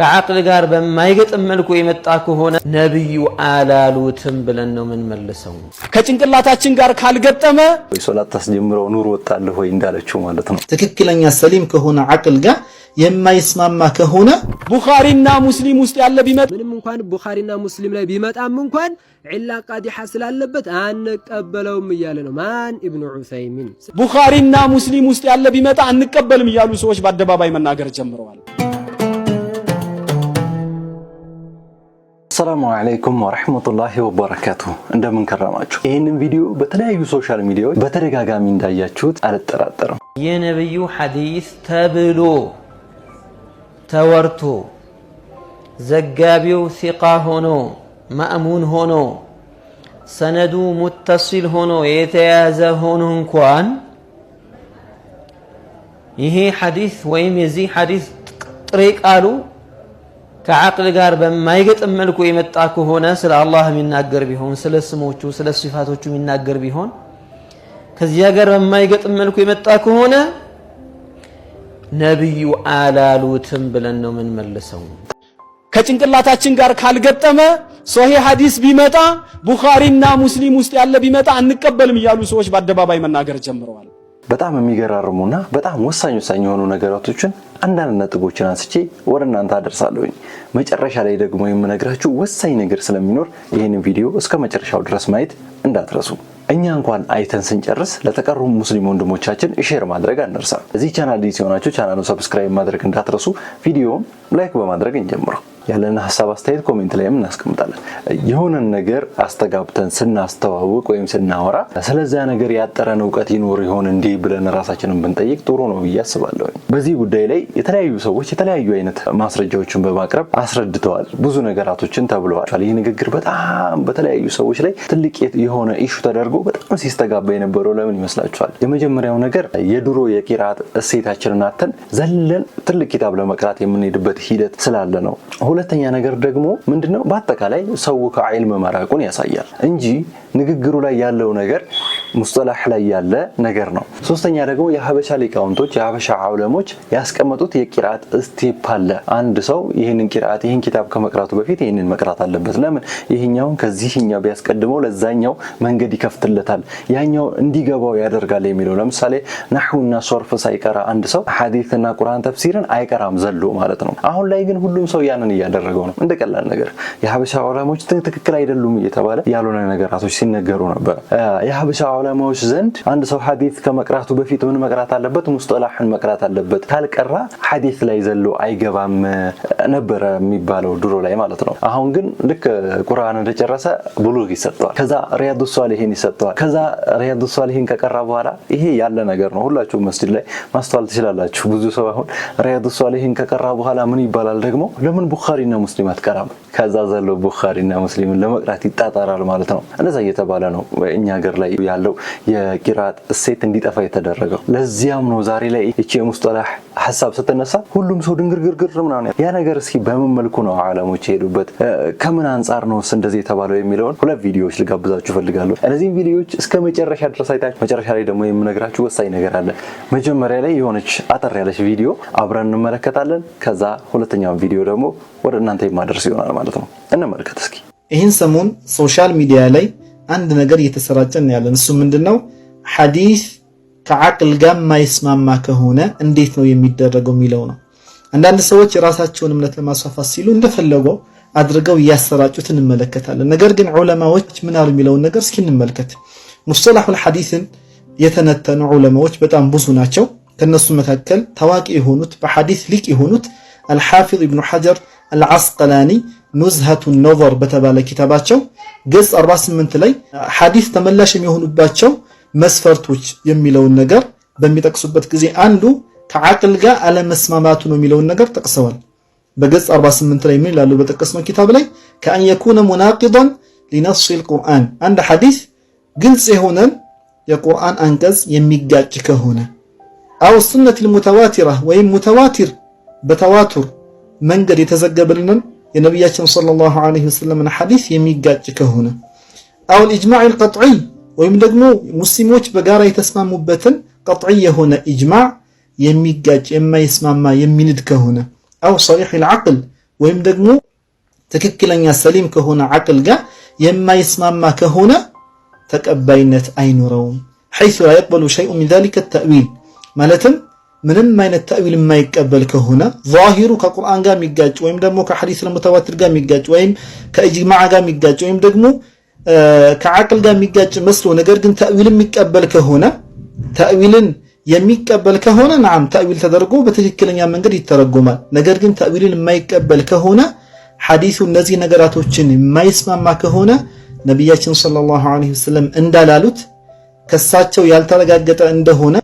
ከአቅል ጋር በማይገጥም መልኩ የመጣ ከሆነ ነቢዩ አላሉትም ብለን ነው የምንመልሰው። ከጭንቅላታችን ጋር ካልገጠመ ሶላት ታስጀምረው ኑር ወጣለሁ ወይ እንዳለችው ማለት ነው። ትክክለኛ ሰሊም ከሆነ አቅል ጋር የማይስማማ ከሆነ ቡኻሪና ሙስሊም ውስጥ ያለ ቢመጣ ምንም እንኳን ቡኻሪና ሙስሊም ላይ ቢመጣም እንኳን ዒላ ቃዲሓ ስላለበት አንቀበለውም እያለ ነው። ማን ኢብኑ ዑሰይሚን ቡኻሪና ሙስሊም ውስጥ ያለ ቢመጣ አንቀበልም እያሉ ሰዎች በአደባባይ መናገር ጀምረዋል። አሰላሙ አለይኩም ወረህመቱላሂ ወበረካቱ፣ እንደምን ከረማችሁ? ይህንን ቪዲዮ በተለያዩ ሶሻል ሚዲያዎች በተደጋጋሚ እንዳያችሁት አልጠራጠርም። የነቢዩ ሐዲስ ተብሎ ተወርቶ ዘጋቢው ሲቃ ሆኖ ማእሙን ሆኖ ሰነዱ ሙተሲል ሆኖ የተያዘ ሆኖ እንኳን ይሄ ሐዲስ ወይም የዚህ ሐዲስ ጥሬ ቃሉ ከአቅል ጋር በማይገጥም መልኩ የመጣ ከሆነ ስለ አላህ የሚናገር ቢሆን ስለ ስሞቹ ስለ ሲፋቶቹ የሚናገር ቢሆን ከዚያ ጋር በማይገጥም መልኩ የመጣ ከሆነ ነቢዩ አላሉትም ብለን ነው ምንመልሰው ከጭንቅላታችን ጋር ካልገጠመ ሶሒህ ሀዲስ ቢመጣ ቡኻሪና ሙስሊም ውስጥ ያለ ቢመጣ አንቀበልም እያሉ ሰዎች በአደባባይ መናገር ጀምረዋል። በጣም የሚገራርሙና በጣም ወሳኝ ወሳኝ የሆኑ ነገራቶችን አንዳንድ ነጥቦችን አንስቼ ወደ እናንተ አደርሳለሁኝ። መጨረሻ ላይ ደግሞ የምነግራችሁ ወሳኝ ነገር ስለሚኖር ይህንን ቪዲዮ እስከ መጨረሻው ድረስ ማየት እንዳትረሱ። እኛ እንኳን አይተን ስንጨርስ ለተቀሩ ሙስሊም ወንድሞቻችን ሼር ማድረግ አንርሳ። እዚህ ቻናል ሲሆናችሁ ቻናሉ ሰብስክራይብ ማድረግ እንዳትረሱ። ቪዲዮውን ላይክ በማድረግ እንጀምረው። ያለን ሀሳብ አስተያየት ኮሜንት ላይም እናስቀምጣለን። የሆነን ነገር አስተጋብተን ስናስተዋውቅ ወይም ስናወራ ስለዚያ ነገር ያጠረን እውቀት ይኖር ይሆን እንዲህ ብለን ራሳችንን ብንጠይቅ ጥሩ ነው ብዬ አስባለሁ። በዚህ ጉዳይ ላይ የተለያዩ ሰዎች የተለያዩ አይነት ማስረጃዎችን በማቅረብ አስረድተዋል፣ ብዙ ነገራቶችን ተብለዋል። ይህ ንግግር በጣም በተለያዩ ሰዎች ላይ ትልቅ የሆነ ኢሹ ተደርጎ በጣም ሲስተጋባ የነበረው ለምን ይመስላችኋል? የመጀመሪያው ነገር የድሮ የቂራት እሴታችንን አተን ዘለን ትልቅ ኪታብ ለመቅራት የምንሄድበት ሂደት ስላለ ነው። ሁለተኛ ነገር ደግሞ ምንድነው በአጠቃላይ ሰው ከአይል መራቁን ያሳያል እንጂ ንግግሩ ላይ ያለው ነገር ሙስጠላህ ላይ ያለ ነገር ነው። ሶስተኛ ደግሞ የሀበሻ ሊቃውንቶች የሀበሻ አውለሞች ያስቀመጡት የቂርአት ስቴፕ አለ። አንድ ሰው ይህንን ቂርአት ይህን ኪታብ ከመቅራቱ በፊት ይህንን መቅራት አለበት። ለምን ይህኛውን ከዚህኛው ቢያስቀድመው ለዛኛው መንገድ ይከፍትለታል፣ ያኛው እንዲገባው ያደርጋል የሚለው ለምሳሌ ናሁና ሶርፍ ሳይቀራ አንድ ሰው ሀዲትና ቁርአን ተፍሲርን አይቀራም ዘሎ ማለት ነው። አሁን ላይ ግን ሁሉም ሰው ያንን እያደረገው ነው። እንደ ቀላል ነገር የሀበሻ አውለሞች ትክክል አይደሉም እየተባለ ያልሆነ ነገራቶች ሲነገሩ ነበር። ዑለማዎች ዘንድ አንድ ሰው ሐዲስ ከመቅራቱ በፊት ምን መቅራት አለበት? ሙስጠላሕን መቅራት አለበት። ካልቀራ ሐዲስ ላይ ዘሎ አይገባም ነበረ የሚባለው ድሮ ላይ ማለት ነው። አሁን ግን ልክ ቁርአን እንደጨረሰ ብሉግ ይሰጠዋል። ከዛ ሪያዱ ሷሊሂን ይሰጠዋል። ከዛ ሪያዱ ሷሊሂን ከቀራ በኋላ ይሄ ያለ ነገር ነው። ሁላችሁም መስጂድ ላይ ማስተዋል ትችላላችሁ። ብዙ ሰው አሁን ሪያዱ ሷሊሂን ከቀራ በኋላ ምን ይባላል ደግሞ ለምን ቡኻሪና ሙስሊም አትቀራም? ከዛ ዘሎ ቡኻሪና ሙስሊምን ለመቅራት ይጣጣራል ማለት ነው። እንደዛ እየተባለ ነው እኛ ሀገር ላይ ያለው ያለው የቂራአት እሴት እንዲጠፋ የተደረገው። ለዚያም ነው ዛሬ ላይ እቺ የሙስጠላህ ሀሳብ ስትነሳ ሁሉም ሰው ድንግርግርግር ምናምን ያ ነገር እስኪ በምን መልኩ ነው አለሞች የሄዱበት ከምን አንጻር ነው እንደዚህ የተባለው የሚለውን ሁለት ቪዲዮዎች ልጋብዛችሁ ፈልጋለሁ። እነዚህም ቪዲዮዎች እስከ መጨረሻ ድረስ አይታችሁ መጨረሻ ላይ ደግሞ የምነግራችሁ ወሳኝ ነገር አለ። መጀመሪያ ላይ የሆነች አጠር ያለች ቪዲዮ አብረን እንመለከታለን። ከዛ ሁለተኛውን ቪዲዮ ደግሞ ወደ እናንተ የማደርስ ይሆናል ማለት ነው። እንመልከት እስኪ። ይህን ሰሞን ሶሻል ሚዲያ ላይ አንድ ነገር እየተሰራጨን ያለን እሱ ምንድነው? ሐዲስ ከአቅል ጋር የማይስማማ ከሆነ እንዴት ነው የሚደረገው የሚለው ነው። አንዳንድ ሰዎች የራሳቸውን እምነት ለማስፋፋት ሲሉ እንደፈለገው አድርገው እያሰራጩት እንመለከታለን። ነገር ግን ዑለማዎች ምን አሉ የሚለውን ነገር እስኪ እንመልከት። ሙስጠላሁል ሐዲስን የተነተኑ ዑለማዎች በጣም ብዙ ናቸው። ከነሱ መካከል ታዋቂ የሆኑት በሐዲስ ሊቅ የሆኑት አልሐፊዝ ኢብኑ ሐጀር አልዐስቀላኒ ኑዝሀቱን ነዘር በተባለ ኪታባቸው ገጽ 48 ላይ ሐዲስ ተመላሽ የሚሆኑባቸው መስፈርቶች የሚለውን ነገር በሚጠቅሱበት ጊዜ አንዱ ከዓቅል ጋር አለመስማማቱ ነው የሚለውን ነገር ጠቅሰዋል። በገጽ 48 ላይ ምን ይላሉ? በጠቀስነው ኪታብ ላይ ከአን የኩነ ሙናቂዳን ሊነስ አልቁርአን አንድ ሐዲስ ግልጽ የሆነ የቁርአን አንቀጽ የሚጋጭ ከሆነ አው ሱነት ሙተዋቲራ ወይም ሙተዋቲር በተዋቱር መንገድ የተዘገበልንን የነቢያችን ሰለላሁ ዐለይሂ ወሰለም ሐዲስ የሚጋጭ ከሆነ አሁን ኢጅማዕ ቀጥዒ ወይም ደግሞ ሙስሊሞች በጋራ የተስማሙበትን ቀጥዒ የሆነ ኢጅማዕ የሚጋጭ የማይስማማ የሚንድ ከሆነ አው ሰሪሕ ልዓቅል ወይም ደግሞ ትክክለኛ ሰሊም ከሆነ ዓቅል ጋር የማይስማማ ከሆነ ተቀባይነት አይኖረውም ሐይሱ ላ የቅበሉ ሸይኡ ሚን ዛሊከ ተእዊል ማለትም ምንም አይነት ተእዊል የማይቀበል ከሆነ ዛሂሩ ከቁርአን ጋር የሚጋጭ ወይም ደግሞ ከሐዲስ ለሙተዋትር ጋር የሚጋጭ ወይም ከእጅማዕ ጋር የሚጋጭ ወይም ደግሞ ከዓቅል ጋር የሚጋጭ መስሎ ነገር ግን ተእዊል የሚቀበል ከሆነ ተእዊልን የሚቀበል ከሆነ ናም ተእዊል ተደርጎ በትክክለኛ መንገድ ይተረጎማል። ነገር ግን ተእዊልን የማይቀበል ከሆነ ሐዲሱ እነዚህ ነገራቶችን የማይስማማ ከሆነ ነቢያችን ሰለላሁ ዐለይሂ ወሰለም እንዳላሉት ከሳቸው ያልተረጋገጠ እንደሆነ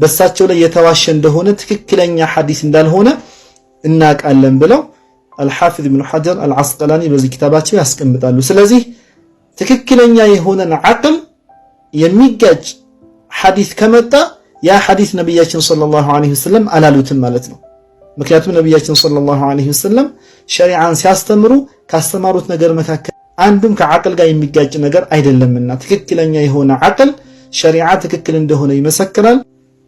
በሳቸው ላይ የተዋሸ እንደሆነ ትክክለኛ ሐዲስ እንዳልሆነ እናውቃለን ብለው አልሐፊዝ ኢብኑ ሐጀር አልዓስቀላኒ በዚህ ኪታባቸው ያስቀምጣሉ። ስለዚህ ትክክለኛ የሆነን አቅም የሚጋጭ ሐዲስ ከመጣ ያ ሐዲስ ነብያችን ሰለላሁ ዐለይሂ ወሰለም አላሉትም ማለት ነው። ምክንያቱም ነብያችን ሰለላሁ ዐለይሂ ወሰለም ሸሪዓን ሲያስተምሩ ካስተማሩት ነገር መካከል አንዱም ከአቅል ጋር የሚጋጭ ነገር አይደለምና ትክክለኛ የሆነ አቅል ሸሪዓ ትክክል እንደሆነ ይመሰክራል።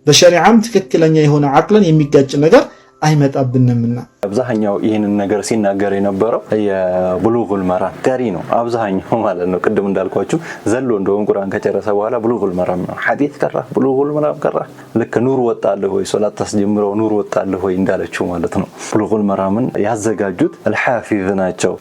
በሸሪዓም ትክክለኛ የሆነ አቅልን የሚጋጭ ነገር አይመጣብንምና አብዛኛው ይህንን ነገር ሲናገር የነበረው የብሉጉል መራም ቀሪ ነው፣ አብዛኛው ማለት ነው። ቅድም እንዳልኳችሁ ዘሎ እንደሆን ቁርአን ከጨረሰ በኋላ ብሉጉል መራም ነው። ሐዲት ቀራ፣ ብሉጉል መራም ቀራ። ልክ ኑር ወጣለህ ወይ ሶላት ታስጀምረው ኑር ወጣለህ ወይ እንዳለችው ማለት ነው። ብሉጉል መራምን ያዘጋጁት አልሓፊዝ ናቸው።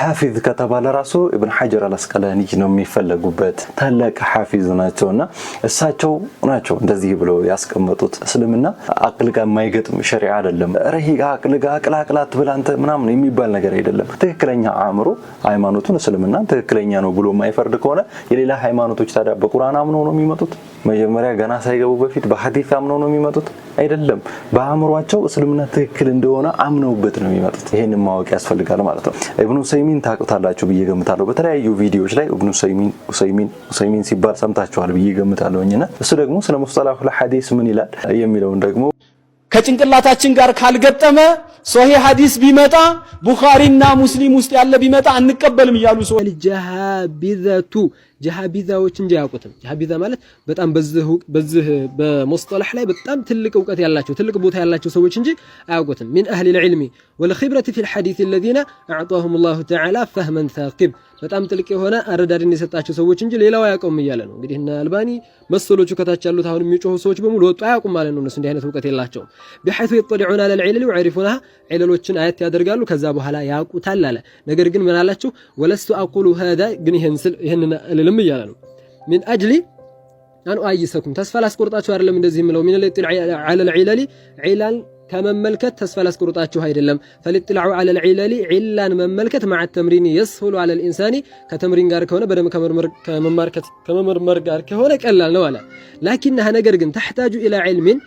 ሓፊዝ ከተባለ ራሱ እብን ሓጀር አልአስቀላኒ ነው የሚፈለጉበት ታላቅ ሓፊዝ ናቸው እና እሳቸው ናቸው እንደዚህ ብለው ያስቀመጡት። እስልምና አቅል ጋር የማይገጥም ሸሪ አይደለም። ረሂቅ አቅል ጋር አቅላ አቅላ ምናምን የሚባል ነገር አይደለም። ትክክለኛ አእምሮ ሃይማኖቱን እስልምና ትክክለኛ ነው ብሎ የማይፈርድ ከሆነ የሌላ ሃይማኖቶች ታዲያ በቁርአን አምኖ ነው የሚመጡት? መጀመሪያ ገና ሳይገቡ በፊት በሀዲስ አምነው ነው የሚመጡት? አይደለም። በአእምሯቸው እስልምና ትክክል እንደሆነ አምነውበት ነው የሚመጡት። ይህን ማወቅ ያስፈልጋል ማለት ነው። እብኑ ሰይሚን ታውቁታላችሁ ብዬ ገምታለሁ። በተለያዩ ቪዲዮዎች ላይ እብኑ ሰይሚን ሲባል ሰምታችኋል ብዬ ገምታለሁኝና እሱ ደግሞ ስለ ሙስጠላሁል ሀዲስ ምን ይላል የሚለውን ደግሞ ከጭንቅላታችን ጋር ካልገጠመ ሶሂ ሐዲስ ቢመጣ ቡኻሪና ሙስሊም ውስጥ ያለ ቢመጣ አንቀበልም እያሉ ሰው ጀሃቢዛዎችን እንጂ አያውቁትም። ጀሃቢዛ ማለት በጣም በዚህ በዚህ በሙስጠላህ ላይ በጣም ትልቅ እውቀት ያላቸው ትልቅ ቦታ ያላቸው ሰዎች እንጂ አያውቁትም። ሚን አህሊል ዒልሚ ወልኺብረቲ ፊል ሐዲስ الذين አዕጣሁም الله ተዓላ ፈህመን ثاقب በጣም ጥልቅ የሆነ አረዳድን የሰጣቸው ሰዎች እንጂ ሌላው አያውቀውም እያለ ነው። እንግዲህ እና አልባኒ መሰሎቹ ከታች ያሉት አሁን የሚጮሁ ሰዎች በሙሉ ወጡ አያውቁም ማለት ነው። እነሱ እንዲህ አይነት እውቀት የላቸውም። ቢሐይቱ يطلعون على العلل ويعرفونها ዒለሎችን አያት ያደርጋሉ ከዛ በኋላ ያውቁታል አለ። ነገር ግን ምን አላችሁ ወለስቱ አቁሉ هذا ግን ይሄን ስል ይሄን አልችልም እያለ ነው። ምን አጅሊ አን አይሰኩም ተስፋ ላስቆርጣችሁ አይደለም እንደዚህ የምለው ምን ለጥል ዐለል ዒለሊ ዒላን ከመመልከት ተስፋ ላስቆርጣችሁ አይደለም። ፈሊጥላዑ ዐለል ዒለሊ ዒላን መመልከት ማዓ ተምሪን የስሁሉ ዐለል ኢንሳኒ ከተምሪን ጋር ከሆነ በደምብ ከመመርመር ጋር ከሆነ ቀላል ነው አለ። ላኪንሃ ነገር ግን ተሕታጁ ኢላ ዒልሚን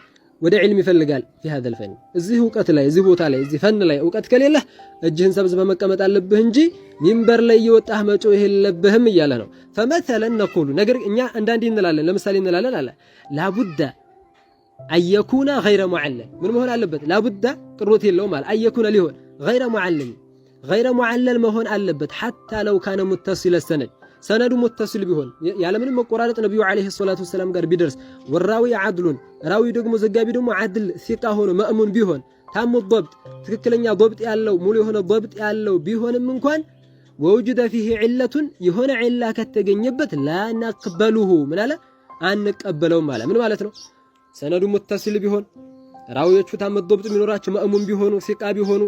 ወደ ዒልም ይፈልጋል ፊ ሀዘል ፈን እዚህ እውቀት ላይ እዚህ ቦታ ላይ እዚህ ፈን ላይ እውቀት ከሌለህ እጅህን ሰብዝ በመቀመጥ አለብህ እንጂ ሚንበር ላይ እየወጣህ መጮ የለብህም እያለ ነው። ፈመተለን ነቁሉ ነገር እኛ አንዳንዴ እንላለን፣ ለምሳሌ እንላለን አለ ላቡዳ አየኩና ገይረ ሙዓለም ምን መሆን አለበት? ላቡዳ ቅሮት የለውም አለ አየኩና ሊሆን ገይረ ሙዓለም ገይረ ሙዓለም መሆን አለበት ሐታ ለው ካነ ሙተሲለ ሰነድ ሰነዱ ሙተስል ቢሆን ያለምንም መቆራረጥ ነቢዩ ዓለይሂ ሰላቱ ወሰላም ጋር ቢደርስ ወራዊ አድሉን ራዊ ደግሞ ዘጋቢ ደግሞ አድል ሲቃ ሆኖ መእሙን ቢሆን ታሙ ضبط ትክክለኛ ضبط ያለው ሙሉ የሆነ ضبط ያለው ቢሆንም እንኳን ወውጅደ ፊሂ ዒለቱን የሆነ ዒላ ከተገኘበት ላናቅበሉሁ ምን አለ አንቀበለውም አለ። ምን ማለት ነው? ሰነዱ ሙተስል ቢሆን ራዊዎቹ ታሙ ضبط የሚኖራቸው መእሙን ቢሆኑ ሲቃ ቢሆኑ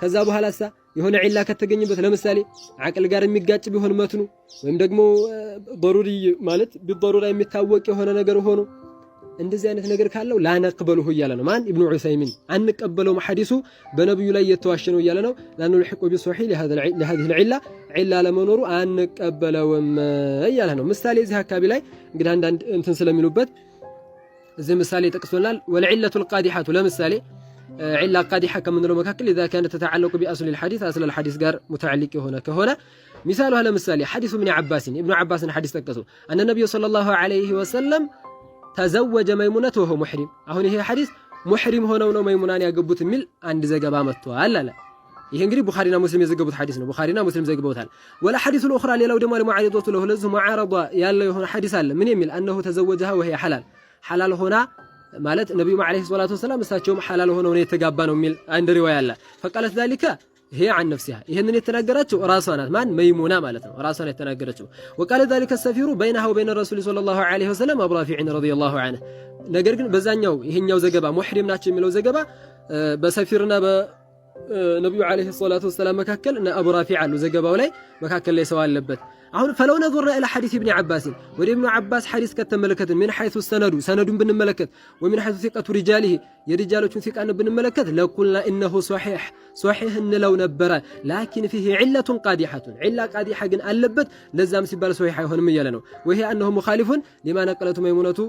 ከዛ በኋላሳ የሆነ ዒላ ከተገኘበት ለምሳሌ አቅል ጋር የሚጋጭ ቢሆን መትኑ ወይም ደግሞ ضروري ማለት بالضروره የሚታወቅ የሆነ ነገር ሆኖ እንደዚህ አይነት ነገር ካለው ላነቅበልሁ እያለ ነው ማን ኢብኑ ዑሰይሚን አንቀበለውም። ሐዲሱ በነብዩ ላይ የተዋሸ ነው እያለ ነው ላኑ ልሕቁ ቢሶሒ ለሀዚህ ልዕላ ዒላ ለመኖሩ አንቀበለውም እያለ ነው። ምሳሌ እዚህ አካባቢ ላይ እንግዲህ አንዳንድ እንትን ስለሚሉበት እዚህ ምሳሌ ጠቅሶናል። ወልዕለቱ ልቃዲሓቱ ለምሳሌ علا قادحة كمن المكاكل إذا كانت تتعلق بأصل الحديث أصل الحديث قار متعلق هنا كهنا مثال هذا مثال حديث من عباس ابن عباس حديث تكتسو أن النبي صلى الله عليه وسلم تزوج ميمونة وهو محرم أهون هي حديث محرم هنا ونو ميمونان يقبط مل عند زقبا متوى لا لا يهن قريب بخارينا مسلم يزقبط حديثنا بخارينا مسلم زقبط هال ولا حديث الأخرى اللي لو دمار معارضة له لزه معارضة يالله هنا حديث هال من يمل أنه تزوجها وهي حلال حلال هنا ማለት ነቢዩም ዓለይሂ ሰላቱ ወሰላም እሳቸውም ሐላል ሆነው ነው የተጋባ ነው የሚል አንድ ሪዋያ አለ። ፈቃለት ዛሊከ ይሄ አን ነፍሲሃ ይህንን የተናገራቸው ራሷ ናት። ማን መይሙና ማለት ነው ራሷ ናት የተናገረችው። ወቃለ ዛሊከ ሰፊሩ በይነሃ ወበይነ ረሱል ሰለላሁ ዓለይሂ ወሰለም አቡ ራፊዕን ረዲየላሁ ዐንሁ። ነገር ግን በዛኛው ይሄኛው ዘገባ ሙሕሪም ናቸው የሚለው ዘገባ በሰፊርና በነቢዩ ዓለይሂ ሰላቱ ወሰላም መካከል እነ አቡ ራፊዕ አሉ ዘገባው ላይ መካከል ላይ ሰው አለበት አሁን ፈለው ነዞርና ኢላ ሐዲስ ኢብኑ አባስ ወደ ኢብኑ አባስ ሐዲስ ከተመለከትን ምን ሐይሱ ሰነዱ ሰነዱን ብንመለከት ወይ ሐይሱ ሲቀቱ ሪጃሊሂ የሪጃሎቹን ሲቃን ብንመለከት ለቁልና ኢነሁ ሶሒሕ ሶሒሕ እንለው ነበረ። ላኪን ፊሂ ዒለቱን ቃዲሐቱን ዒላ ቃዲሐ ግን አለበት። ለዛም ሲባል ሶሒሕ አይሆንም እያለ ነው። ወይሄ አነሁ ሙኻሊፉን ሊማ ነቀለቱ መይሙነቱ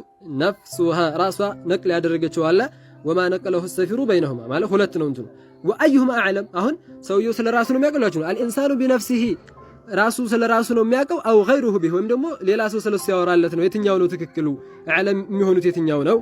ነፍሱሃ ራሷ ነቅል ያደረገችው አለ ወማ ነቀለሁ ሰፊሩ በይነሁማ ማለት ሁለት ነው እንትኑ ወአዩሁም አዕለም አሁን ሰውየው ስለ ራሱ ነው የሚያቀሏችሁ አልኢንሳኑ ቢነፍሲሂ ራሱ ስለ ራሱ ነው የሚያውቀው። አው ገይሩሁ ቢህ ወይም ደግሞ ሌላ ሰው ስለሱ ያወራለት ነው። የትኛው ነው ትክክሉ? አለም የሚሆኑት የትኛው ነው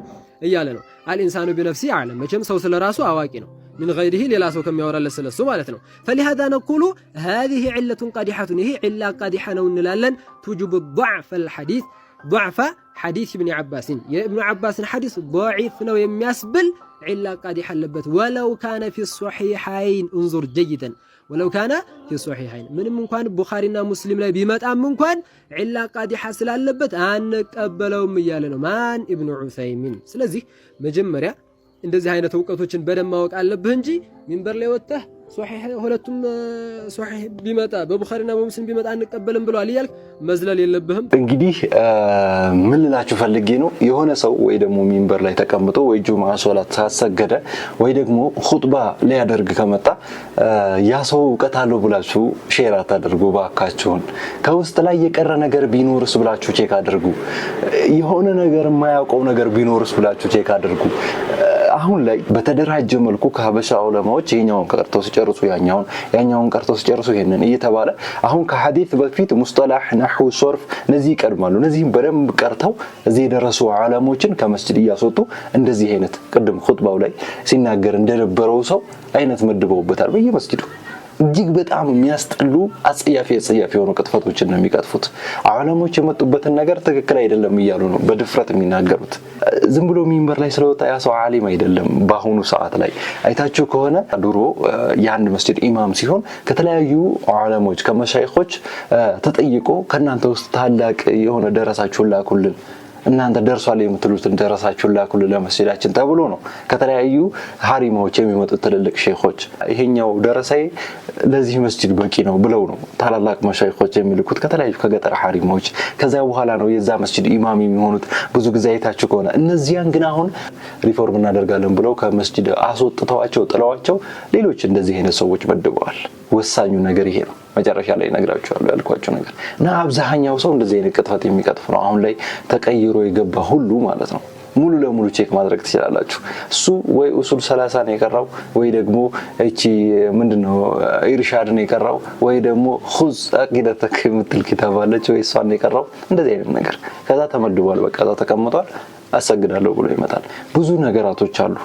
እያለ ነው። አልኢንሳኑ ቢነፍሲ አለም። መቼም ሰው ስለ ራሱ አዋቂ ነው፣ ምን ገይሪህ ሌላ ሰው ከሚያወራለት ስለሱ ማለት ነው። ፈሊሃዛ ነቁሉ ሃዚህ ዕለቱን ቃዲሐቱን፣ ይሄ ዕላ ቃዲሐ ነው እንላለን። ቱጅቡ ضዕፈል ሐዲስ ዶዕፈ ሐዲስ እብኒ ዓባስን የእብኑ ዓባስን ሐዲስ ዶዒፍ ነው የሚያስብል ዒላ ቃዲሕ አለበት። ወለው ካነ ፊ ሶሒሐይን እንዙር ጀይደን ወለው ካነ ፊ ሶሒሐይን ምንም እንኳን ቡኻሪና ሙስሊም ላይ ቢመጣም እንኳን ዒላ ቃዲሓ ስላለበት አንቀበለውም እያለ ነው ማን እብኑ ዑሰይሚን። ስለዚህ መጀመሪያ እንደዚህ አይነት እውቀቶችን በደንብ ማወቅ አለብህ እንጂ ሚንበር ላይ ወጥተህ ሶሒህ ሁለቱም ሶሒህ ቢመጣ በቡኻሪና በሙስሊም ቢመጣ አንቀበልም ብለዋል እያልክ መዝለል የለብህም። እንግዲህ ምን ልላችሁ ፈልጌ ነው፣ የሆነ ሰው ወይ ደግሞ ሚንበር ላይ ተቀምጦ ወይ ጁምዓ ሶላት ሳሰገደ ወይ ደግሞ ሁጥባ ሊያደርግ ከመጣ ያ ሰው እውቀት አለው ብላችሁ ሼር አታደርጉ ባካችሁን። ከውስጥ ላይ የቀረ ነገር ቢኖርስ ብላችሁ ቼክ አድርጉ። የሆነ ነገር የማያውቀው ነገር ቢኖርስ ብላችሁ ቼክ አድርጉ። አሁን ላይ በተደራጀ መልኩ ከሀበሻ ዑለማዎች ይሄኛውን ቀርቶ ሲጨርሱ ያኛውን ያኛውን ቀርተው ሲጨርሱ ይሄንን እየተባለ አሁን ከሐዲት በፊት ሙስጠላህ፣ ነህው፣ ሶርፍ እነዚህ ይቀድማሉ። እነዚህም በደንብ ቀርተው እዚህ የደረሱ ዓለሞችን ከመስጅድ እያስወጡ እንደዚህ አይነት ቅድም ኹጥባው ላይ ሲናገር እንደነበረው ሰው አይነት መድበውበታል በየመስጅዱ እጅግ በጣም የሚያስጠሉ አጸያፊ አጸያፊ የሆኑ ቅጥፈቶችን ነው የሚቀጥፉት። አለሞች የመጡበትን ነገር ትክክል አይደለም እያሉ ነው በድፍረት የሚናገሩት። ዝም ብሎ ሚንበር ላይ ስለወጣ ያ ሰው አይደለም። በአሁኑ ሰዓት ላይ አይታችሁ ከሆነ ድሮ የአንድ መስጅድ ኢማም ሲሆን ከተለያዩ አለሞች ከመሻይኮች ተጠይቆ ከእናንተ ውስጥ ታላቅ የሆነ ደረሳችሁን ላኩልን እናንተ ደርሷል የምትሉትን ደረሳችሁን ላኩል ለመስጅዳችን ተብሎ ነው ከተለያዩ ሀሪማዎች የሚመጡት ትልልቅ ሼኾች ይሄኛው ደረሳዬ ለዚህ መስጅድ በቂ ነው ብለው ነው ታላላቅ መሻይኾች የሚልኩት ከተለያዩ ከገጠር ሀሪማዎች። ከዚያ በኋላ ነው የዛ መስጅድ ኢማም የሚሆኑት። ብዙ ጊዜ አይታችሁ ከሆነ እነዚያን ግን አሁን ሪፎርም እናደርጋለን ብለው ከመስጅድ አስወጥተዋቸው ጥለዋቸው ሌሎች እንደዚህ አይነት ሰዎች መድበዋል። ወሳኙ ነገር ይሄ ነው። መጨረሻ ላይ ነግራችኋለሁ ያልኳቸው ነገር እና አብዛኛው ሰው እንደዚህ አይነት ቅጥፈት የሚቀጥፍ ነው። አሁን ላይ ተቀይሮ የገባ ሁሉ ማለት ነው። ሙሉ ለሙሉ ቼክ ማድረግ ትችላላችሁ። እሱ ወይ ኡሱል ሰላሳ ነው የቀራው ወይ ደግሞ እቺ ምንድነው ኢርሻድ ነው የቀራው ወይ ደግሞ ሁዝ አቂደተክ የምትል ኪታብ አለች ወይ እሷ ነው የቀራው። እንደዚህ አይነት ነገር ከዛ ተመድቧል፣ በቃ እዛ ተቀምጧል። አሰግዳለሁ ብሎ ይመጣል። ብዙ ነገራቶች አሉ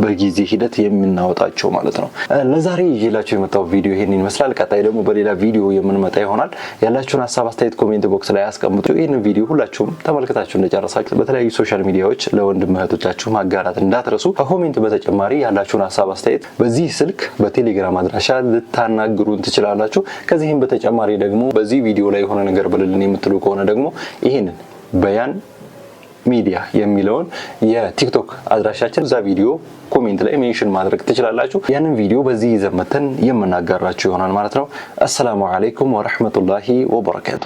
በጊዜ ሂደት የምናወጣቸው ማለት ነው። ለዛሬ ይዤላቸው የመጣው ቪዲዮ ይህን ይመስላል። ቀጣይ ደግሞ በሌላ ቪዲዮ የምንመጣ ይሆናል። ያላችሁን ሀሳብ፣ አስተያየት ኮሜንት ቦክስ ላይ አስቀምጡ። ይህንን ቪዲዮ ሁላችሁም ተመልክታችሁ እንደጨረሳችሁ በተለያዩ ሶሻል ሚዲያዎች ለወንድም እህቶቻችሁ ማጋራት እንዳትረሱ። ከኮሜንት በተጨማሪ ያላችሁን ሀሳብ፣ አስተያየት በዚህ ስልክ በቴሌግራም አድራሻ ልታናግሩን ትችላላችሁ። ከዚህም በተጨማሪ ደግሞ በዚህ ቪዲዮ ላይ የሆነ ነገር ብልልን የምትሉ ከሆነ ደግሞ ይህንን በያን ሚዲያ የሚለውን የቲክቶክ አድራሻችን እዛ ቪዲዮ ኮሜንት ላይ ሜንሽን ማድረግ ትችላላችሁ። ያንን ቪዲዮ በዚህ ይዘን የምናጋራችሁ ይሆናል ማለት ነው። አሰላሙ አለይኩም ወረህመቱላሂ ወበረካቱ።